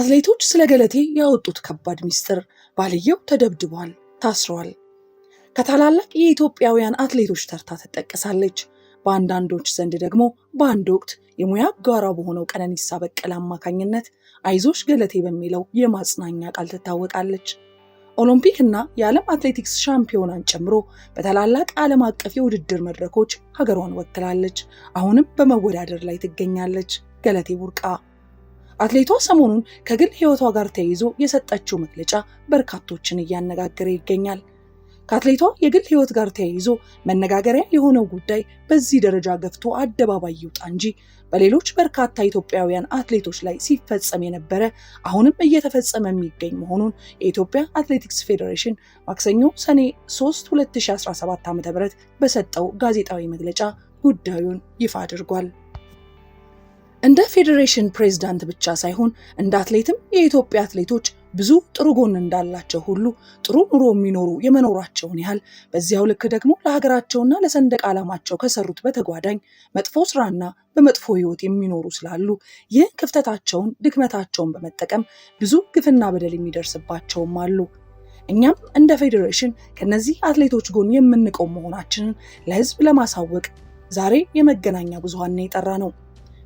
አትሌቶች ስለ ገለቴ ያወጡት ከባድ ሚስጥር፣ ባልየው ተደብድቧል፣ ታስሯል። ከታላላቅ የኢትዮጵያውያን አትሌቶች ተርታ ትጠቀሳለች። በአንዳንዶች ዘንድ ደግሞ በአንድ ወቅት የሙያ ጋራ በሆነው ቀነኒሳ በቀለ አማካኝነት አይዞሽ ገለቴ በሚለው የማጽናኛ ቃል ትታወቃለች። ኦሎምፒክ እና የዓለም አትሌቲክስ ሻምፒዮናን ጨምሮ በታላላቅ ዓለም አቀፍ የውድድር መድረኮች ሀገሯን ወክላለች። አሁንም በመወዳደር ላይ ትገኛለች። ገለቴ ቡርቃ አትሌቷ ሰሞኑን ከግል ሕይወቷ ጋር ተያይዞ የሰጠችው መግለጫ በርካቶችን እያነጋገረ ይገኛል። ከአትሌቷ የግል ሕይወት ጋር ተያይዞ መነጋገሪያ የሆነው ጉዳይ በዚህ ደረጃ ገፍቶ አደባባይ ይውጣ እንጂ በሌሎች በርካታ ኢትዮጵያውያን አትሌቶች ላይ ሲፈጸም የነበረ አሁንም እየተፈጸመ የሚገኝ መሆኑን የኢትዮጵያ አትሌቲክስ ፌዴሬሽን ማክሰኞ ሰኔ 3 2017 ዓ.ም በሰጠው ጋዜጣዊ መግለጫ ጉዳዩን ይፋ አድርጓል። እንደ ፌዴሬሽን ፕሬዝዳንት ብቻ ሳይሆን እንደ አትሌትም የኢትዮጵያ አትሌቶች ብዙ ጥሩ ጎን እንዳላቸው ሁሉ ጥሩ ኑሮ የሚኖሩ የመኖራቸውን ያህል በዚያው ልክ ደግሞ ለሀገራቸውና ለሰንደቅ ዓላማቸው ከሰሩት በተጓዳኝ መጥፎ ስራና በመጥፎ ህይወት የሚኖሩ ስላሉ ይህ ክፍተታቸውን፣ ድክመታቸውን በመጠቀም ብዙ ግፍና በደል የሚደርስባቸውም አሉ። እኛም እንደ ፌዴሬሽን ከነዚህ አትሌቶች ጎን የምንቆም መሆናችንን ለህዝብ ለማሳወቅ ዛሬ የመገናኛ ብዙሃን የጠራ ነው።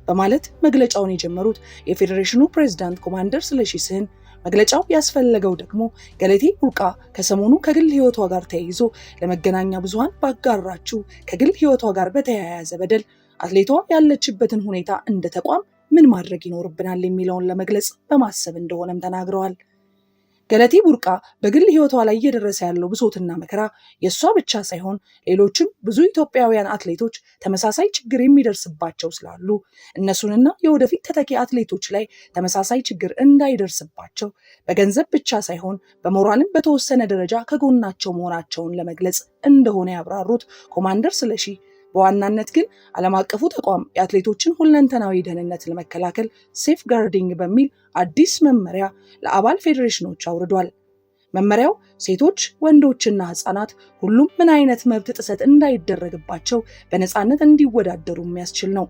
በማለት መግለጫውን የጀመሩት የፌዴሬሽኑ ፕሬዝዳንት ኮማንደር ስለሺ ስህን መግለጫው ያስፈለገው ደግሞ ገለቴ ቡርቃ ከሰሞኑ ከግል ሕይወቷ ጋር ተያይዞ ለመገናኛ ብዙሃን ባጋራችው ከግል ሕይወቷ ጋር በተያያዘ በደል አትሌቷ ያለችበትን ሁኔታ እንደ ተቋም ምን ማድረግ ይኖርብናል የሚለውን ለመግለጽ በማሰብ እንደሆነም ተናግረዋል። ገለቴ ቡርቃ በግል ህይወቷ ላይ እየደረሰ ያለው ብሶትና መከራ የእሷ ብቻ ሳይሆን ሌሎችም ብዙ ኢትዮጵያውያን አትሌቶች ተመሳሳይ ችግር የሚደርስባቸው ስላሉ እነሱንና የወደፊት ተተኪ አትሌቶች ላይ ተመሳሳይ ችግር እንዳይደርስባቸው በገንዘብ ብቻ ሳይሆን በሞራልም በተወሰነ ደረጃ ከጎናቸው መሆናቸውን ለመግለጽ እንደሆነ ያብራሩት ኮማንደር ስለሺ በዋናነት ግን ዓለም አቀፉ ተቋም የአትሌቶችን ሁለንተናዊ ደህንነት ለመከላከል ሴፍ ጋርዲንግ በሚል አዲስ መመሪያ ለአባል ፌዴሬሽኖች አውርዷል። መመሪያው ሴቶች፣ ወንዶችና ህፃናት ሁሉም ምን አይነት መብት ጥሰት እንዳይደረግባቸው በነፃነት እንዲወዳደሩ የሚያስችል ነው።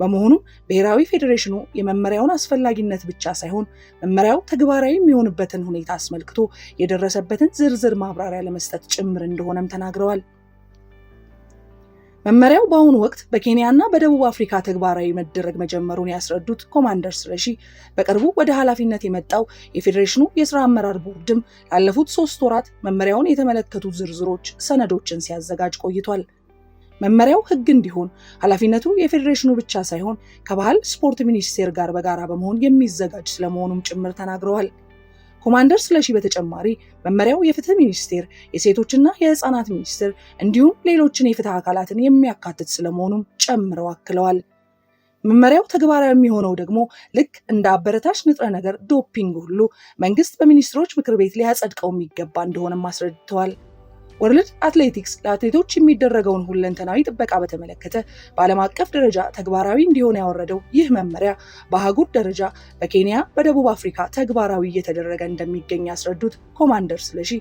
በመሆኑም ብሔራዊ ፌዴሬሽኑ የመመሪያውን አስፈላጊነት ብቻ ሳይሆን መመሪያው ተግባራዊ የሚሆንበትን ሁኔታ አስመልክቶ የደረሰበትን ዝርዝር ማብራሪያ ለመስጠት ጭምር እንደሆነም ተናግረዋል። መመሪያው በአሁኑ ወቅት በኬንያና በደቡብ አፍሪካ ተግባራዊ መደረግ መጀመሩን ያስረዱት ኮማንደር ስለሺ በቅርቡ ወደ ኃላፊነት የመጣው የፌዴሬሽኑ የስራ አመራር ቦርድም ላለፉት ሶስት ወራት መመሪያውን የተመለከቱ ዝርዝሮች ሰነዶችን ሲያዘጋጅ ቆይቷል። መመሪያው ሕግ እንዲሆን ኃላፊነቱ የፌዴሬሽኑ ብቻ ሳይሆን ከባህል ስፖርት ሚኒስቴር ጋር በጋራ በመሆን የሚዘጋጅ ስለመሆኑም ጭምር ተናግረዋል። ኮማንደር ስለሺ በተጨማሪ መመሪያው የፍትህ ሚኒስቴር፣ የሴቶችና የህፃናት ሚኒስቴር እንዲሁም ሌሎችን የፍትህ አካላትን የሚያካትት ስለመሆኑም ጨምረው አክለዋል። መመሪያው ተግባራዊ የሚሆነው ደግሞ ልክ እንደ አበረታች ንጥረ ነገር ዶፒንግ ሁሉ መንግስት በሚኒስትሮች ምክር ቤት ሊያጸድቀው የሚገባ እንደሆነም አስረድተዋል። ወርልድ አትሌቲክስ ለአትሌቶች የሚደረገውን ሁለንተናዊ ጥበቃ በተመለከተ በዓለም አቀፍ ደረጃ ተግባራዊ እንዲሆን ያወረደው ይህ መመሪያ በአህጉር ደረጃ በኬንያ፣ በደቡብ አፍሪካ ተግባራዊ እየተደረገ እንደሚገኝ ያስረዱት ኮማንደር ስለሺ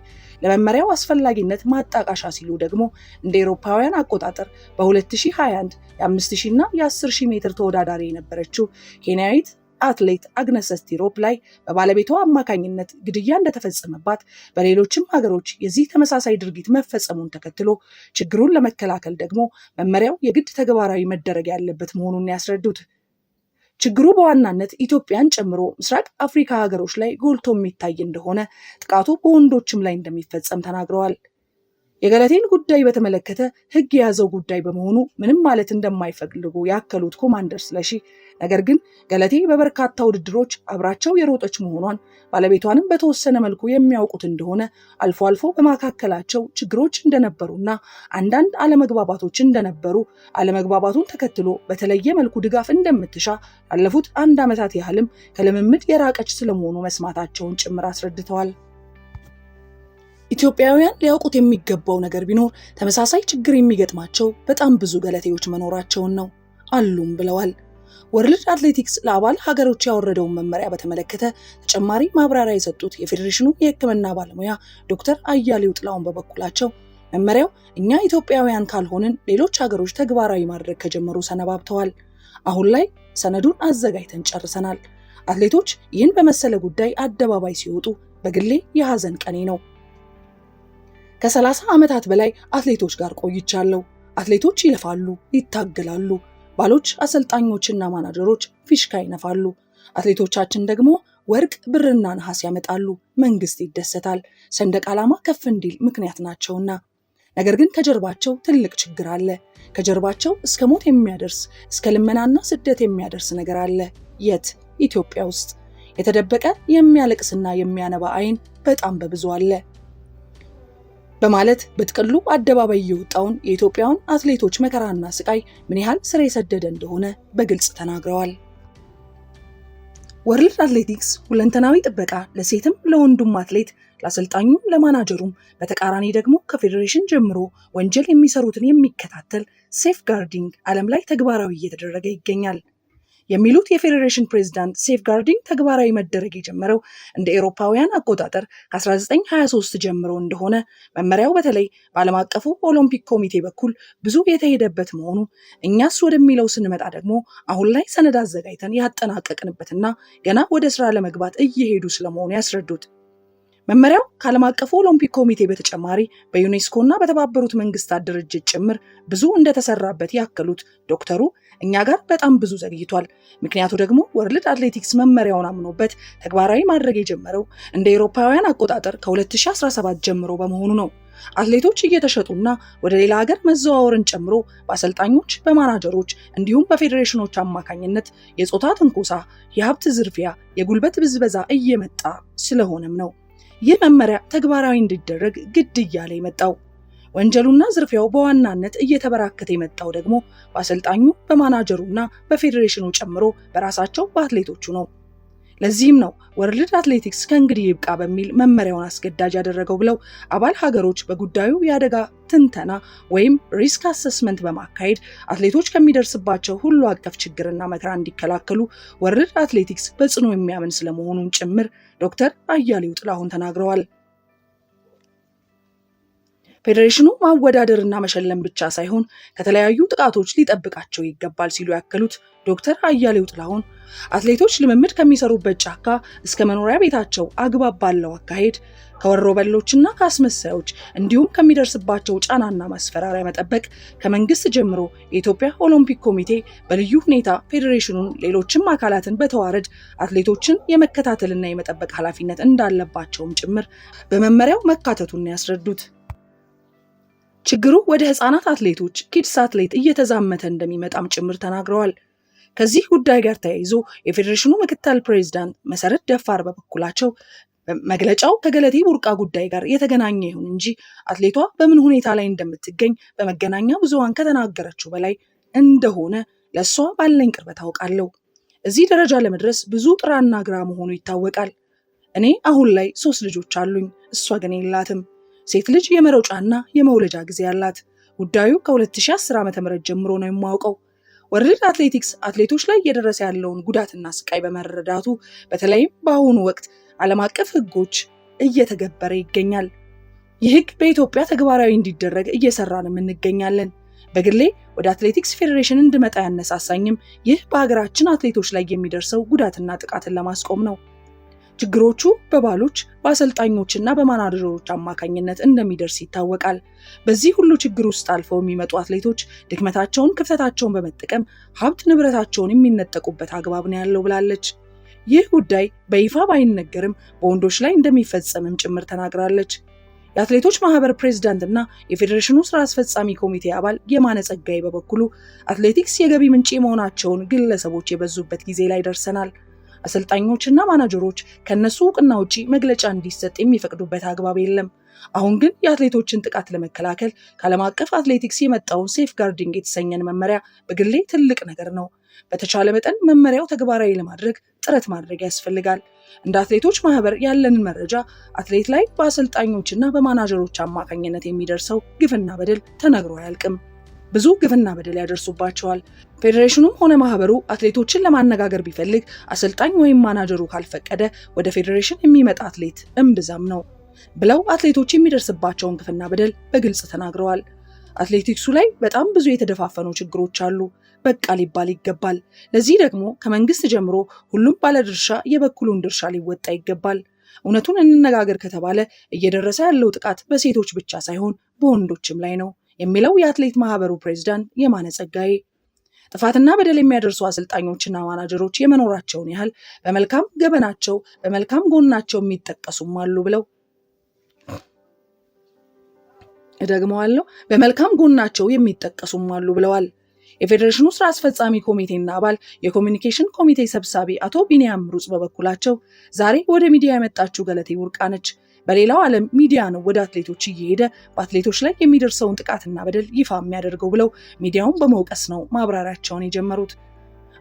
ለመመሪያው አስፈላጊነት ማጣቃሻ ሲሉ ደግሞ እንደ ኤሮፓውያን አቆጣጠር በ2021 የ5000 እና የ10000 ሜትር ተወዳዳሪ የነበረችው ኬንያዊት አትሌት አግነስ ስቲሮፕ ላይ በባለቤቷ አማካኝነት ግድያ እንደተፈጸመባት በሌሎችም ሀገሮች የዚህ ተመሳሳይ ድርጊት መፈጸሙን ተከትሎ ችግሩን ለመከላከል ደግሞ መመሪያው የግድ ተግባራዊ መደረግ ያለበት መሆኑን ያስረዱት ችግሩ በዋናነት ኢትዮጵያን ጨምሮ ምስራቅ አፍሪካ ሀገሮች ላይ ጎልቶ የሚታይ እንደሆነ፣ ጥቃቱ በወንዶችም ላይ እንደሚፈጸም ተናግረዋል። የገለቴን ጉዳይ በተመለከተ ሕግ የያዘው ጉዳይ በመሆኑ ምንም ማለት እንደማይፈልጉ ያከሉት ኮማንደር ስለሺ ነገር ግን ገለቴ በበርካታ ውድድሮች አብራቸው የሮጠች መሆኗን ባለቤቷንም በተወሰነ መልኩ የሚያውቁት እንደሆነ አልፎ አልፎ በመካከላቸው ችግሮች እንደነበሩና አንዳንድ አለመግባባቶች እንደነበሩ አለመግባባቱን ተከትሎ በተለየ መልኩ ድጋፍ እንደምትሻ ላለፉት አንድ ዓመታት ያህልም ከልምምድ የራቀች ስለመሆኑ መስማታቸውን ጭምር አስረድተዋል። ኢትዮጵያውያን ሊያውቁት የሚገባው ነገር ቢኖር ተመሳሳይ ችግር የሚገጥማቸው በጣም ብዙ ገለቴዎች መኖራቸውን ነው። አሉም ብለዋል። ወርልድ አትሌቲክስ ለአባል ሀገሮች ያወረደውን መመሪያ በተመለከተ ተጨማሪ ማብራሪያ የሰጡት የፌዴሬሽኑ የሕክምና ባለሙያ ዶክተር አያሌው ጥላውን በበኩላቸው መመሪያው እኛ ኢትዮጵያውያን ካልሆንን ሌሎች ሀገሮች ተግባራዊ ማድረግ ከጀመሩ ሰነባብተዋል። አሁን ላይ ሰነዱን አዘጋጅተን ጨርሰናል። አትሌቶች ይህን በመሰለ ጉዳይ አደባባይ ሲወጡ በግሌ የሀዘን ቀኔ ነው። ከሰላሳ ዓመታት በላይ አትሌቶች ጋር ቆይቻለሁ። አትሌቶች ይለፋሉ፣ ይታገላሉ፣ ባሎች፣ አሰልጣኞችና ማናጀሮች ፊሽካ ይነፋሉ። አትሌቶቻችን ደግሞ ወርቅ፣ ብርና ነሐስ ያመጣሉ። መንግስት ይደሰታል፣ ሰንደቅ ዓላማ ከፍ እንዲል ምክንያት ናቸውና። ነገር ግን ከጀርባቸው ትልቅ ችግር አለ። ከጀርባቸው እስከ ሞት የሚያደርስ እስከ ልመናና ስደት የሚያደርስ ነገር አለ። የት? ኢትዮጵያ ውስጥ የተደበቀ የሚያለቅስና የሚያነባ አይን በጣም በብዙ አለ። በማለት በጥቅሉ አደባባይ የወጣውን የኢትዮጵያውን አትሌቶች መከራና ስቃይ ምን ያህል ስር የሰደደ እንደሆነ በግልጽ ተናግረዋል። ወርልድ አትሌቲክስ ሁለንተናዊ ጥበቃ ለሴትም ለወንዱም አትሌት ለአሰልጣኙም ለማናጀሩም፣ በተቃራኒ ደግሞ ከፌዴሬሽን ጀምሮ ወንጀል የሚሰሩትን የሚከታተል ሴፍ ጋርዲንግ ዓለም ላይ ተግባራዊ እየተደረገ ይገኛል። የሚሉት የፌዴሬሽን ፕሬዚዳንት ሴፍጋርዲንግ ተግባራዊ መደረግ የጀመረው እንደ ኤሮፓውያን አቆጣጠር ከ1923 ጀምሮ እንደሆነ መመሪያው በተለይ በዓለም አቀፉ ኦሎምፒክ ኮሚቴ በኩል ብዙ የተሄደበት መሆኑ እኛስ ወደሚለው ስንመጣ ደግሞ አሁን ላይ ሰነድ አዘጋጅተን ያጠናቀቅንበትና ገና ወደ ስራ ለመግባት እየሄዱ ስለመሆኑ ያስረዱት መመሪያው ከዓለም አቀፉ ኦሎምፒክ ኮሚቴ በተጨማሪ በዩኔስኮ እና በተባበሩት መንግስታት ድርጅት ጭምር ብዙ እንደተሰራበት ያከሉት ዶክተሩ እኛ ጋር በጣም ብዙ ዘግይቷል። ምክንያቱ ደግሞ ወርልድ አትሌቲክስ መመሪያውን አምኖበት ተግባራዊ ማድረግ የጀመረው እንደ ኤሮፓውያን አቆጣጠር ከ2017 ጀምሮ በመሆኑ ነው። አትሌቶች እየተሸጡና ወደ ሌላ ሀገር መዘዋወርን ጨምሮ በአሰልጣኞች፣ በማናጀሮች እንዲሁም በፌዴሬሽኖች አማካኝነት የጾታ ትንኮሳ፣ የሀብት ዝርፊያ፣ የጉልበት ብዝበዛ እየመጣ ስለሆነም ነው ይህ መመሪያ ተግባራዊ እንዲደረግ ግድ እያለ የመጣው ወንጀሉና ዝርፊያው በዋናነት እየተበራከተ የመጣው ደግሞ በአሰልጣኙ በማናጀሩና በፌዴሬሽኑ ጨምሮ በራሳቸው በአትሌቶቹ ነው። ለዚህም ነው ወርልድ አትሌቲክስ ከእንግዲህ ይብቃ በሚል መመሪያውን አስገዳጅ ያደረገው ብለው አባል ሀገሮች በጉዳዩ የአደጋ ትንተና ወይም ሪስክ አሰስመንት በማካሄድ አትሌቶች ከሚደርስባቸው ሁሉ አቀፍ ችግርና መከራ እንዲከላከሉ ወርልድ አትሌቲክስ በጽኑ የሚያምን ስለመሆኑን ጭምር ዶክተር አያሌው ጥላሁን ተናግረዋል። ፌዴሬሽኑ ማወዳደርና መሸለም ብቻ ሳይሆን ከተለያዩ ጥቃቶች ሊጠብቃቸው ይገባል ሲሉ ያከሉት ዶክተር አያሌው ጥላሁን አትሌቶች ልምምድ ከሚሰሩበት ጫካ እስከ መኖሪያ ቤታቸው አግባብ ባለው አካሄድ ከወሮ በሎችና ከአስመሳዮች እንዲሁም ከሚደርስባቸው ጫናና ማስፈራሪያ መጠበቅ ከመንግስት ጀምሮ የኢትዮጵያ ኦሎምፒክ ኮሚቴ በልዩ ሁኔታ ፌዴሬሽኑን፣ ሌሎችም አካላትን በተዋረድ አትሌቶችን የመከታተልና የመጠበቅ ኃላፊነት እንዳለባቸውም ጭምር በመመሪያው መካተቱን ያስረዱት ችግሩ ወደ ህፃናት አትሌቶች ኪድስ አትሌት እየተዛመተ እንደሚመጣም ጭምር ተናግረዋል። ከዚህ ጉዳይ ጋር ተያይዞ የፌዴሬሽኑ ምክትል ፕሬዚዳንት መሰረት ደፋር በበኩላቸው መግለጫው ከገለቴ ቡርቃ ጉዳይ ጋር የተገናኘ ይሁን እንጂ አትሌቷ በምን ሁኔታ ላይ እንደምትገኝ በመገናኛ ብዙሃን ከተናገረችው በላይ እንደሆነ ለእሷ ባለኝ ቅርበት አውቃለሁ። እዚህ ደረጃ ለመድረስ ብዙ ጥራና ግራ መሆኑ ይታወቃል። እኔ አሁን ላይ ሶስት ልጆች አሉኝ፣ እሷ ግን የላትም። ሴት ልጅ የመሮጫና የመውለጃ ጊዜ አላት። ጉዳዩ ከ2010 ዓ.ም ጀምሮ ነው የማውቀው። ወርልድ አትሌቲክስ አትሌቶች ላይ እየደረሰ ያለውን ጉዳትና ስቃይ በመረዳቱ በተለይም በአሁኑ ወቅት ዓለም አቀፍ ህጎች እየተገበረ ይገኛል። ይህ ህግ በኢትዮጵያ ተግባራዊ እንዲደረግ እየሰራንም እንገኛለን። በግሌ ወደ አትሌቲክስ ፌዴሬሽን እንድመጣ ያነሳሳኝም ይህ በሀገራችን አትሌቶች ላይ የሚደርሰው ጉዳትና ጥቃትን ለማስቆም ነው። ችግሮቹ በባሎች በአሰልጣኞችና በማናጀሮች አማካኝነት እንደሚደርስ ይታወቃል። በዚህ ሁሉ ችግር ውስጥ አልፈው የሚመጡ አትሌቶች ድክመታቸውን፣ ክፍተታቸውን በመጠቀም ሀብት ንብረታቸውን የሚነጠቁበት አግባብ ነው ያለው ብላለች። ይህ ጉዳይ በይፋ ባይነገርም በወንዶች ላይ እንደሚፈጸምም ጭምር ተናግራለች። የአትሌቶች ማህበር ፕሬዝዳንት እና የፌዴሬሽኑ ስራ አስፈጻሚ ኮሚቴ አባል የማነ ጸጋይ በበኩሉ አትሌቲክስ የገቢ ምንጭ መሆናቸውን ግለሰቦች የበዙበት ጊዜ ላይ ደርሰናል አሰልጣኞችና ማናጀሮች ከእነሱ እውቅና ውጪ መግለጫ እንዲሰጥ የሚፈቅዱበት አግባብ የለም። አሁን ግን የአትሌቶችን ጥቃት ለመከላከል ከዓለም አቀፍ አትሌቲክስ የመጣውን ሴፍ ጋርዲንግ የተሰኘን መመሪያ በግሌ ትልቅ ነገር ነው። በተቻለ መጠን መመሪያው ተግባራዊ ለማድረግ ጥረት ማድረግ ያስፈልጋል። እንደ አትሌቶች ማህበር ያለንን መረጃ አትሌት ላይ በአሰልጣኞችና በማናጀሮች አማካኝነት የሚደርሰው ግፍና በደል ተነግሮ አያልቅም። ብዙ ግፍና በደል ያደርሱባቸዋል። ፌዴሬሽኑም ሆነ ማህበሩ አትሌቶችን ለማነጋገር ቢፈልግ አሰልጣኝ ወይም ማናጀሩ ካልፈቀደ ወደ ፌዴሬሽን የሚመጣ አትሌት እምብዛም ነው ብለው አትሌቶች የሚደርስባቸውን ግፍና በደል በግልጽ ተናግረዋል። አትሌቲክሱ ላይ በጣም ብዙ የተደፋፈኑ ችግሮች አሉ። በቃ ሊባል ይገባል። ለዚህ ደግሞ ከመንግስት ጀምሮ ሁሉም ባለድርሻ የበኩሉን ድርሻ ሊወጣ ይገባል። እውነቱን እንነጋገር ከተባለ እየደረሰ ያለው ጥቃት በሴቶች ብቻ ሳይሆን በወንዶችም ላይ ነው። የሚለው የአትሌት ማህበሩ ፕሬዚዳንት የማነ ጸጋዬ ጥፋትና በደል የሚያደርሱ አሰልጣኞችና ማናጀሮች የመኖራቸውን ያህል በመልካም ገበናቸው በመልካም ጎናቸው የሚጠቀሱም አሉ ብለው እደግመዋለሁ፣ በመልካም ጎናቸው የሚጠቀሱም አሉ ብለዋል። የፌዴሬሽኑ ስራ አስፈጻሚ ኮሚቴና አባል የኮሚኒኬሽን ኮሚቴ ሰብሳቢ አቶ ቢንያም ሩጽ በበኩላቸው ዛሬ ወደ ሚዲያ የመጣችው ገለቴ ቡርቃ ነች። በሌላው ዓለም ሚዲያ ነው ወደ አትሌቶች እየሄደ በአትሌቶች ላይ የሚደርሰውን ጥቃትና በደል ይፋ የሚያደርገው ብለው ሚዲያውን በመውቀስ ነው ማብራሪያቸውን የጀመሩት።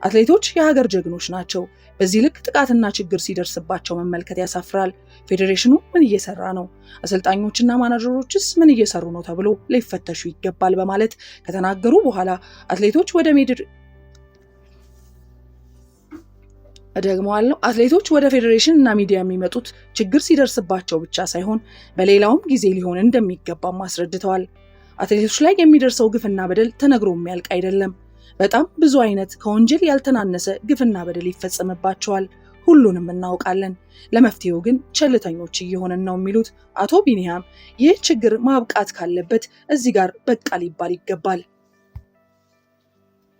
አትሌቶች የሀገር ጀግኖች ናቸው። በዚህ ልክ ጥቃትና ችግር ሲደርስባቸው መመልከት ያሳፍራል። ፌዴሬሽኑ ምን እየሰራ ነው? አሰልጣኞችና ማናጀሮችስ ምን እየሰሩ ነው? ተብሎ ሊፈተሹ ይገባል በማለት ከተናገሩ በኋላ አትሌቶች ወደ እደግመዋለሁ። አትሌቶች ወደ ፌዴሬሽን እና ሚዲያ የሚመጡት ችግር ሲደርስባቸው ብቻ ሳይሆን በሌላውም ጊዜ ሊሆን እንደሚገባም አስረድተዋል። አትሌቶች ላይ የሚደርሰው ግፍና በደል ተነግሮ የሚያልቅ አይደለም። በጣም ብዙ አይነት ከወንጀል ያልተናነሰ ግፍና በደል ይፈጸምባቸዋል። ሁሉንም እናውቃለን። ለመፍትሄው ግን ቸልተኞች እየሆነን ነው የሚሉት አቶ ቢኒያም ይህ ችግር ማብቃት ካለበት እዚህ ጋር በቃ ሊባል ይገባል።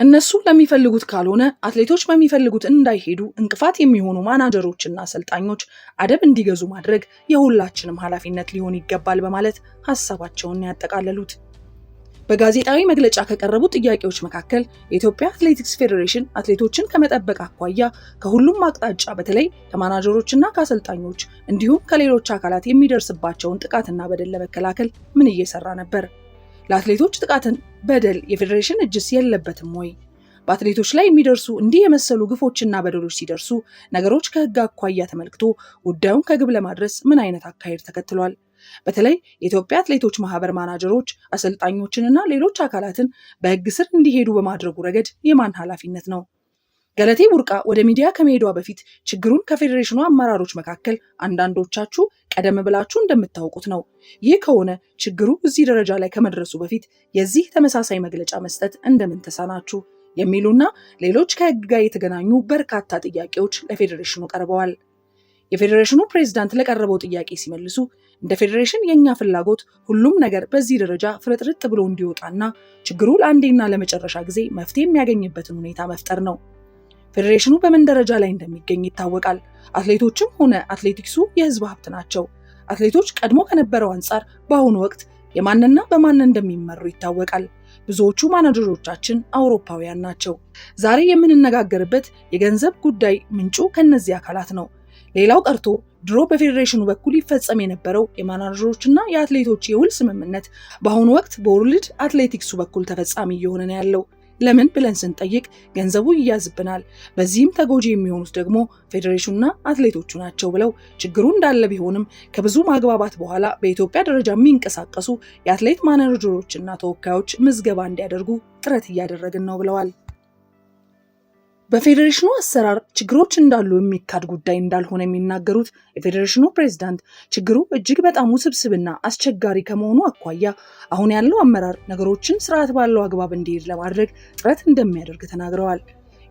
እነሱ ለሚፈልጉት ካልሆነ አትሌቶች በሚፈልጉት እንዳይሄዱ እንቅፋት የሚሆኑ ማናጀሮችና አሰልጣኞች አደብ እንዲገዙ ማድረግ የሁላችንም ኃላፊነት ሊሆን ይገባል በማለት ሀሳባቸውን ያጠቃለሉት። በጋዜጣዊ መግለጫ ከቀረቡ ጥያቄዎች መካከል የኢትዮጵያ አትሌቲክስ ፌዴሬሽን አትሌቶችን ከመጠበቅ አኳያ ከሁሉም አቅጣጫ በተለይ ከማናጀሮችና ከአሰልጣኞች እንዲሁም ከሌሎች አካላት የሚደርስባቸውን ጥቃትና በደል ለመከላከል ምን እየሰራ ነበር? ለአትሌቶች ጥቃትን በደል የፌዴሬሽን እጅስ የለበትም ወይ? በአትሌቶች ላይ የሚደርሱ እንዲህ የመሰሉ ግፎችና በደሎች ሲደርሱ ነገሮች ከህግ አኳያ ተመልክቶ ጉዳዩን ከግብ ለማድረስ ምን አይነት አካሄድ ተከትሏል? በተለይ የኢትዮጵያ አትሌቶች ማህበር ማናጀሮች፣ አሰልጣኞችንና ሌሎች አካላትን በህግ ስር እንዲሄዱ በማድረጉ ረገድ የማን ኃላፊነት ነው? ገለቴ ቡርቃ ወደ ሚዲያ ከመሄዷ በፊት ችግሩን ከፌዴሬሽኑ አመራሮች መካከል አንዳንዶቻችሁ ቀደም ብላችሁ እንደምታውቁት ነው። ይህ ከሆነ ችግሩ እዚህ ደረጃ ላይ ከመድረሱ በፊት የዚህ ተመሳሳይ መግለጫ መስጠት እንደምን ተሳናችሁ? የሚሉና ሌሎች ከህግ ጋር የተገናኙ በርካታ ጥያቄዎች ለፌዴሬሽኑ ቀርበዋል። የፌዴሬሽኑ ፕሬዝዳንት ለቀረበው ጥያቄ ሲመልሱ እንደ ፌዴሬሽን የእኛ ፍላጎት ሁሉም ነገር በዚህ ደረጃ ፍርጥርጥ ብሎ እንዲወጣና ችግሩ ለአንዴና ለመጨረሻ ጊዜ መፍትሄ የሚያገኝበትን ሁኔታ መፍጠር ነው። ፌዴሬሽኑ በምን ደረጃ ላይ እንደሚገኝ ይታወቃል። አትሌቶችም ሆነ አትሌቲክሱ የህዝብ ሀብት ናቸው። አትሌቶች ቀድሞ ከነበረው አንጻር በአሁኑ ወቅት የማንና በማን እንደሚመሩ ይታወቃል። ብዙዎቹ ማናጀሮቻችን አውሮፓውያን ናቸው። ዛሬ የምንነጋገርበት የገንዘብ ጉዳይ ምንጩ ከነዚህ አካላት ነው። ሌላው ቀርቶ ድሮ በፌዴሬሽኑ በኩል ይፈጸም የነበረው የማናጀሮችና የአትሌቶች የውል ስምምነት በአሁኑ ወቅት በወርልድ አትሌቲክሱ በኩል ተፈጻሚ እየሆነ ነው ያለው። ለምን ብለን ስንጠይቅ ገንዘቡ ይያዝብናል፣ በዚህም ተጎጂ የሚሆኑት ደግሞ ፌዴሬሽኑና አትሌቶቹ ናቸው ብለው ችግሩ እንዳለ ቢሆንም ከብዙ ማግባባት በኋላ በኢትዮጵያ ደረጃ የሚንቀሳቀሱ የአትሌት ማናጀሮችና ተወካዮች ምዝገባ እንዲያደርጉ ጥረት እያደረግን ነው ብለዋል። በፌዴሬሽኑ አሰራር ችግሮች እንዳሉ የሚካድ ጉዳይ እንዳልሆነ የሚናገሩት የፌዴሬሽኑ ፕሬዝዳንት ችግሩ እጅግ በጣም ውስብስብና አስቸጋሪ ከመሆኑ አኳያ አሁን ያለው አመራር ነገሮችን ስርዓት ባለው አግባብ እንዲሄድ ለማድረግ ጥረት እንደሚያደርግ ተናግረዋል።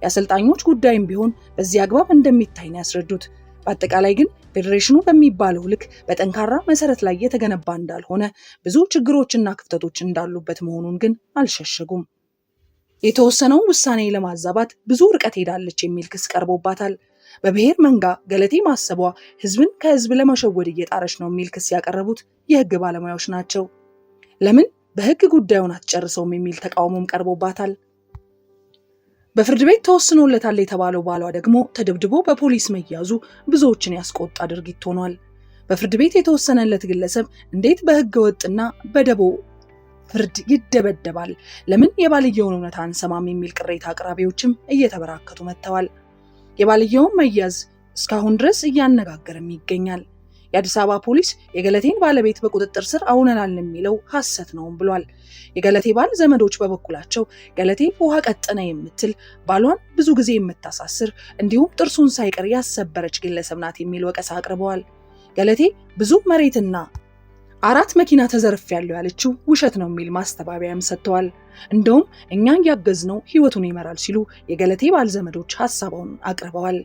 የአሰልጣኞች ጉዳይም ቢሆን በዚህ አግባብ እንደሚታይ ነው ያስረዱት። በአጠቃላይ ግን ፌዴሬሽኑ በሚባለው ልክ በጠንካራ መሰረት ላይ የተገነባ እንዳልሆነ ብዙ ችግሮችና ክፍተቶች እንዳሉበት መሆኑን ግን አልሸሸጉም። የተወሰነውን ውሳኔ ለማዛባት ብዙ ርቀት ሄዳለች የሚል ክስ ቀርቦባታል። በብሔር መንጋ ገለቴ ማሰቧ ህዝብን ከህዝብ ለመሸወድ እየጣረች ነው የሚል ክስ ያቀረቡት የህግ ባለሙያዎች ናቸው። ለምን በህግ ጉዳዩን አትጨርሰውም የሚል ተቃውሞም ቀርቦባታል። በፍርድ ቤት ተወስኖለታል የተባለው ባሏ ደግሞ ተደብድቦ በፖሊስ መያዙ ብዙዎችን ያስቆጣ ድርጊት ሆኗል። በፍርድ ቤት የተወሰነለት ግለሰብ እንዴት በህገ ወጥና በደቦ ፍርድ ይደበደባል። ለምን የባልየውን እውነት አንሰማም የሚል ቅሬታ አቅራቢዎችም እየተበራከቱ መጥተዋል። የባልየውን መያዝ እስካሁን ድረስ እያነጋገርም ይገኛል። የአዲስ አበባ ፖሊስ የገለቴን ባለቤት በቁጥጥር ስር አውነናል የሚለው ሐሰት ነውም ብሏል። የገለቴ ባል ዘመዶች በበኩላቸው ገለቴ ውሃ ቀጠነ የምትል ባሏን ብዙ ጊዜ የምታሳስር እንዲሁም ጥርሱን ሳይቀር ያሰበረች ግለሰብ ናት የሚል ወቀሳ አቅርበዋል። ገለቴ ብዙ መሬትና አራት መኪና ተዘርፍ ያለው ያለችው ውሸት ነው የሚል ማስተባበያም ሰጥተዋል። እንደውም እኛን ነው ህይወቱን ይመራል ሲሉ የገለቴ ባል ዘመዶች ሀሳባውን አቅርበዋል።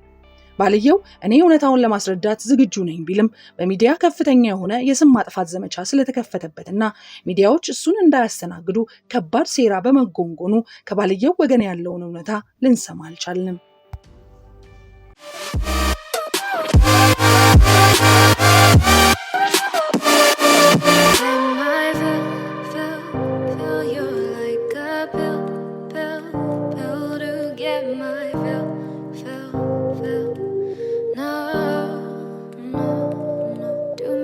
ባልየው እኔ እውነታውን ለማስረዳት ዝግጁ ነኝ ቢልም በሚዲያ ከፍተኛ የሆነ የስም ማጥፋት ዘመቻ ስለተከፈተበትና ሚዲያዎች እሱን እንዳያስተናግዱ ከባድ ሴራ በመጎንጎኑ ከባልየው ወገን ያለውን እውነታ ልንሰማ አልቻልንም።